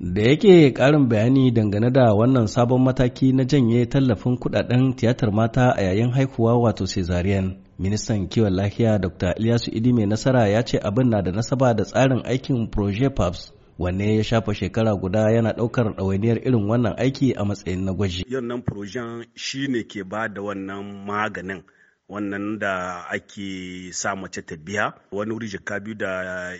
da yake ƙarin bayani dangane da wannan sabon mataki na janye tallafin kudaden tiyatar mata a yayin haihuwa wato cesarean ministan kiwon lafiya dr ilyasu idi mai nasara ya ce abin na da nasaba da tsarin aikin projet paps wanne ya shafa shekara guda yana ɗaukar ɗawainiyar irin wannan aiki a matsayin na gwaji. Yannan projen shi ne ke ba da wannan maganin wannan da ake sa mace ta biya wani wuri jika biyu da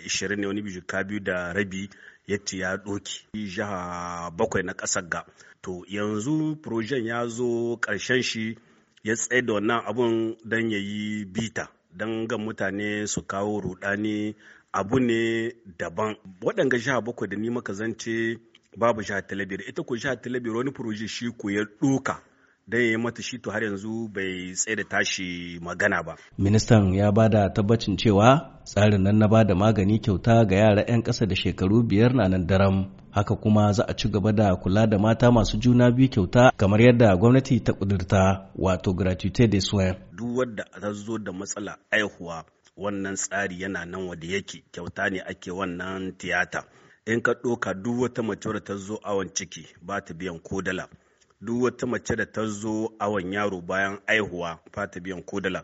ishirin ne wani jika biyu da rabi yadda ya doki jiha bakwai na ƙasar ga to yanzu projen ya zo ƙarshen shi ya tsaye da wannan abun don ya yi bita don ga mutane su kawo rudani abu ne daban waɗanga jiha bakwai da ni maka zance babu jiha talabiyar ita ko jiha talabiyar wani proje shi ko ya doka da ya mata shi to har yanzu bai tsaye da tashi magana ba ministan ya ba da tabbacin cewa tsarin nan na da magani kyauta ga yara 'yan ƙasa da shekaru biyar na nan daram haka kuma za a ci gaba da kula da mata masu juna biyu kyauta kamar yadda gwamnati ta kudurta wato gratuite de soin. duk wadda ta zo da matsala aihuwa wannan tsari yana nan wadda yake kyauta ne ake wannan tiyata in ka ɗoka duk wata mace ta zo awon ciki ba ta biyan ko dala duk wata mace da ta zo awon yaro bayan aihuwa fata biyan kodala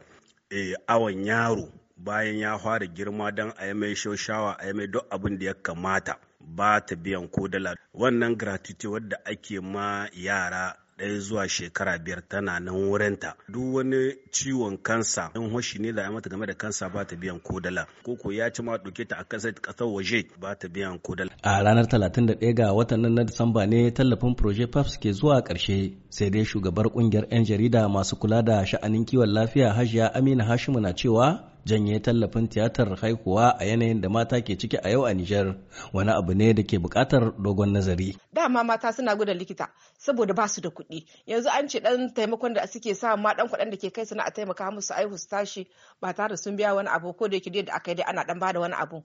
e, eh, awon yaro bayan ya fara girma don a yi mai shaushawa a yi mai duk abin da ya kamata ba ta biyan kodala wannan gratuity wadda ake ma yara ɗaya zuwa shekara biyar tana nan wurinta duk wani ciwon kansa in hoshi ne da ya mata game da kansa ba ta biyan kodala ko ko ya ci ma ɗauke ta a kasar waje ba ta biyan kodala a ranar 31 ga watan nan na Disamba ne tallafin project PAPS ke zuwa ƙarshe sai dai shugabar kungiyar 'yan jarida masu kula da sha'anin kiwon lafiya Hajiya Amina Hashimu na cewa janye tallafin tiyatar haihuwa a yanayin da mata ke ciki a yau a Nijar wani abu ne da ke buƙatar dogon nazari. Dama mata suna gudun likita saboda ba su da kuɗi. Yanzu an ce ɗan taimakon da suke sa ma ɗan kuɗin da ke kai suna a taimaka musu aihu su tashi ba tare da sun biya wani abu ko da yake da aka yi dai ana ɗan bada wani abu.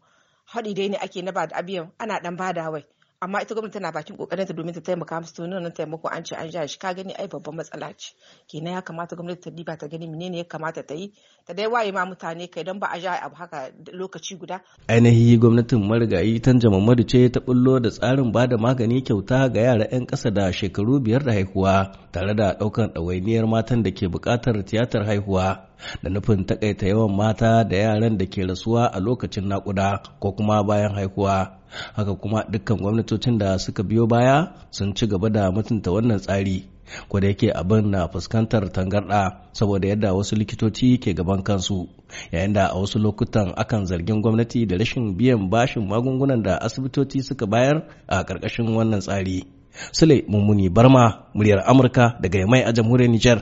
haɗi dai ne ake na ba da abiyan ana ɗan da wai amma ita gwamnati tana bakin kokarin ta domin ta taimaka musu to nan taimako an ce an ja shi ka gani ai babban matsala ce kenan ya kamata gwamnati ta diba ta gani menene ya kamata ta yi ta dai waye ma mutane kai don ba a ja abu haka lokaci guda ainihi gwamnatin marigayi tan mamadu ce ta bullo da tsarin ba da magani kyauta ga yara yan ƙasa da shekaru biyar da haihuwa tare da ɗaukan ɗawainiyar matan da ke buƙatar tiyatar haihuwa da nufin takaita yawan mata da yaran da ke rasuwa a lokacin nakuda ko kuma bayan haihuwa haka kuma dukkan gwamnatocin da suka biyo baya sun ci gaba da mutunta wannan tsari ko da yake abin na fuskantar tangarɗa saboda yadda wasu likitoci ke gaban kansu yayin da a wasu lokutan akan zargin gwamnati da rashin biyan bashin magungunan da asibitoci suka bayar a ƙarƙashin wannan tsari sule mummuni barma muryar amurka daga mai a jamhuriyar niger